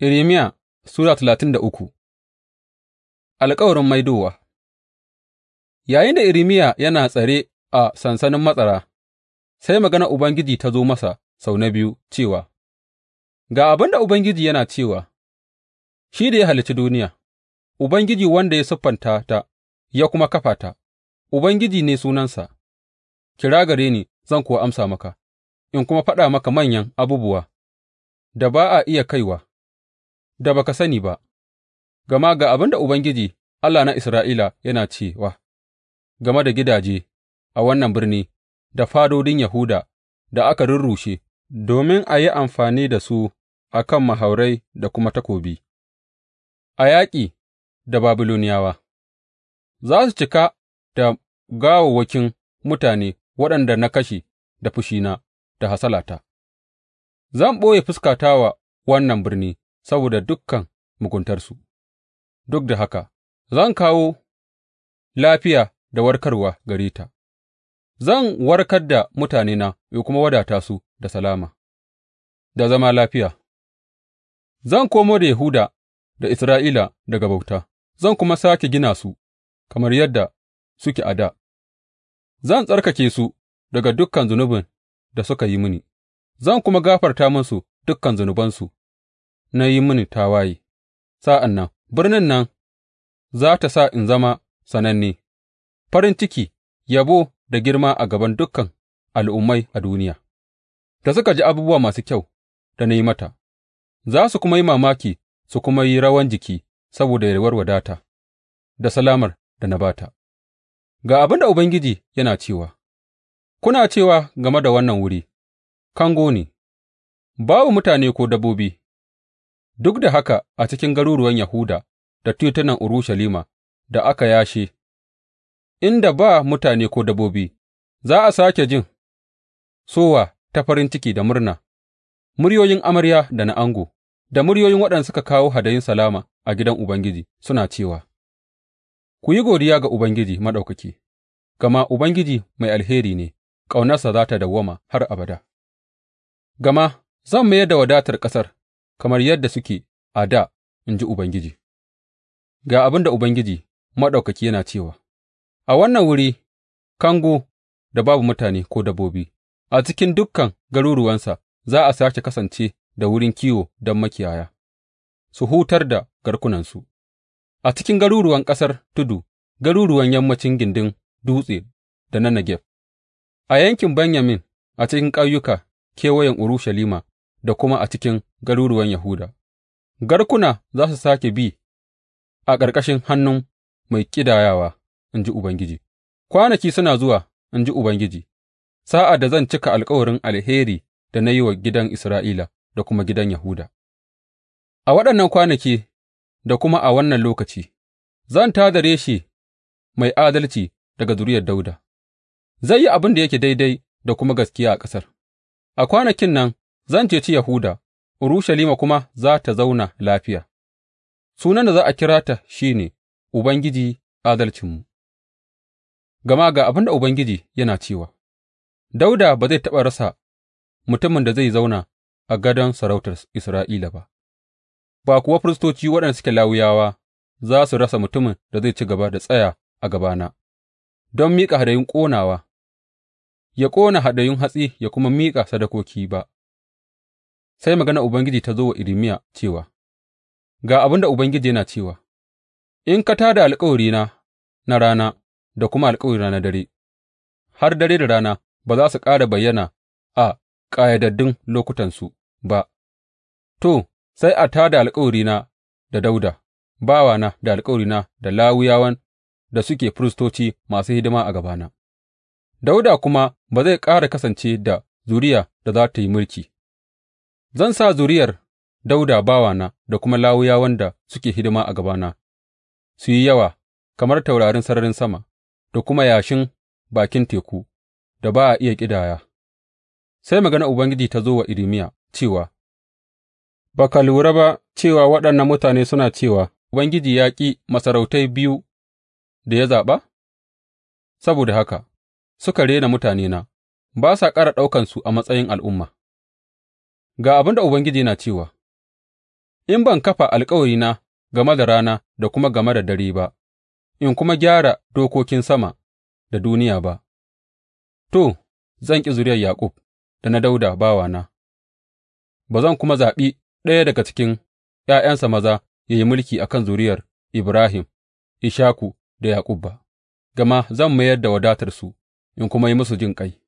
Irimiya, Sura talatin da uku Alkawarin maidowa Yayinda Irmiya yana tsare a sansanin matsara, sai magana Ubangiji ta zo masa sau na biyu cewa, Ga abin da Ubangiji yana cewa, shi da ya halici duniya, Ubangiji wanda ya siffanta ta ya kuma kafa ta, Ubangiji ne sunansa, kira gare ni zan kuwa amsa maka, in kuma faɗa maka manyan abubuwa da ba a iya kaiwa. da ba ka sani ba, gama ga abin da Ubangiji, Allah na Isra'ila, yana cewa game da gidaje a wannan birni da fadodin Yahuda da aka rurrushe domin a yi amfani da su a kan mahaurai da kuma takobi, a yaƙi da Babiloniyawa, za su cika da gawawwakin mutane waɗanda na kashe da fushina da hasalata, zan ɓoye fuskata wa wannan birni. saboda dukan muguntarsu, duk da haka zan kawo lafiya da warkarwa gare ta, zan warkar da mutanena in kuma wadata su da salama da zama lafiya, zan komo da Yahuda da Isra'ila daga bauta, zan kuma sake gina su kamar yadda suke a dā, zan tsarkake su daga dukkan zunubin da suka yi mini, zan kuma gafarta musu dukkan zunubansu na yi mini tawaye, sa'an nan birnin nan za tă sa in zama sananne, farin ciki, yabo da girma a gaban dukan al'ummai a duniya, da suka ji abubuwa masu kyau da na yi mata, za su kuma yi mamaki su kuma yi rawan jiki saboda yalwar wadata da salamar da na bata Ga abin da Ubangiji yana cewa, Kuna cewa game da wannan wuri, Kango ne, babu mutane ko dabbobi, Duk da haka a cikin garuruwan Yahuda da titunan Urushalima da aka yashe, inda ba mutane ko dabbobi, za a sake jin sowa ta farin ciki da murna, muryoyin amarya da na ango, da muryoyin waɗanda suka kawo hadayin salama a gidan Ubangiji suna cewa, Ku yi godiya ga Ubangiji Maɗaukaki, gama Ubangiji mai alheri ne, ƙaunarsa za tă dawwama har abada, gama zan mayar da wadatar ƙasar. kamar yadda suke a dā, in ji Ubangiji, ga abin da Ubangiji Maɗaukaki yana cewa, A wannan wuri, kango da babu mutane ko dabbobi, a cikin dukkan garuruwansa za a sāke kasance da wurin kiwo don makiyaya, su hutar da garkunansu, a cikin garuruwan ƙasar tudu, garuruwan yammacin gindin dutse da na Negeb, a yankin Benyamin, a cikin ƙauyuka kewayen Urushalima da kuma a cikin garuruwan Yahuda, garkuna za su sāke bi a ƙarƙashin hannun mai ƙidayawa, in ji Ubangiji. Kwanaki suna zuwa, in ji Ubangiji, sa'ad da zan cika alkawarin alheri da na yi wa gidan Isra'ila da kuma gidan Yahuda. A waɗannan kwanaki da kuma a wannan lokaci, zan tadare shi mai adalci daga zuriyar Dauda. zai yi abin da yake daidai da kuma gaskiya a ƙasar. A kwanakin nan Zan ceci Yahuda, Urushalima kuma za ta zauna lafiya; sunan da za a kira ta shi ne Ubangiji Adalcinmu, gama ga abin da Ubangiji yana cewa, Dauda ba zai taɓa rasa mutumin da zai zauna a gadon sarautar Isra'ila ba, ba kuwa firistoci waɗanda suke lawuyawa za su rasa mutumin da zai ci gaba da tsaya a gabana don miƙa hadayun ƙonawa, ya ƙona hadayun hatsi ya kuma miƙa sadakoki ba. Sai maganar Ubangiji ta zo wa Irimiya cewa, Ga abin da Ubangiji yana cewa, In ka tā da alkawarina na rana da kuma alkawarina na dare, har dare da rana ba za su ƙara bayyana a ƙayyadaddun lokutansu ba, to, sai a tā da alkawarina da Dauda, bawana da alkawarina da lawuyawan da suke firistoci masu hidima a gabana, Dauda kuma ba zai ƙara kasance da zuriya da za ta yi mulki. Zan sa zuriyar Dawuda bawana da kuma Lawiyawan da suke hidima a gabana su yi yawa kamar taurarin sararin sama da kuma yashin bakin teku da ba a iya ƙidaya. Sai maganar Ubangiji ta zo wa Irimiya cewa, Ba ka lura ba cewa waɗannan mutane suna cewa, Ubangiji ya ƙi masarautai biyu da ya zaɓa? Saboda haka suka rena mutanena, ba sa ƙara ɗaukansu a matsayin al'umma. Ga abin da Ubangiji yana cewa, In ban kafa alkawarina game da rana da kuma game da dare ba, in kuma gyara dokokin sama da duniya ba, to, zan ƙi zuriyar Yaƙub da na dauda bawana, ba zan kuma zaɓi ɗaya daga cikin ’ya'yansa maza ya yi mulki a kan zuriyar Ibrahim, Ishaku da Yaƙub ba, gama zan mayar da wadatarsu in kuma yi musu jin jinƙai.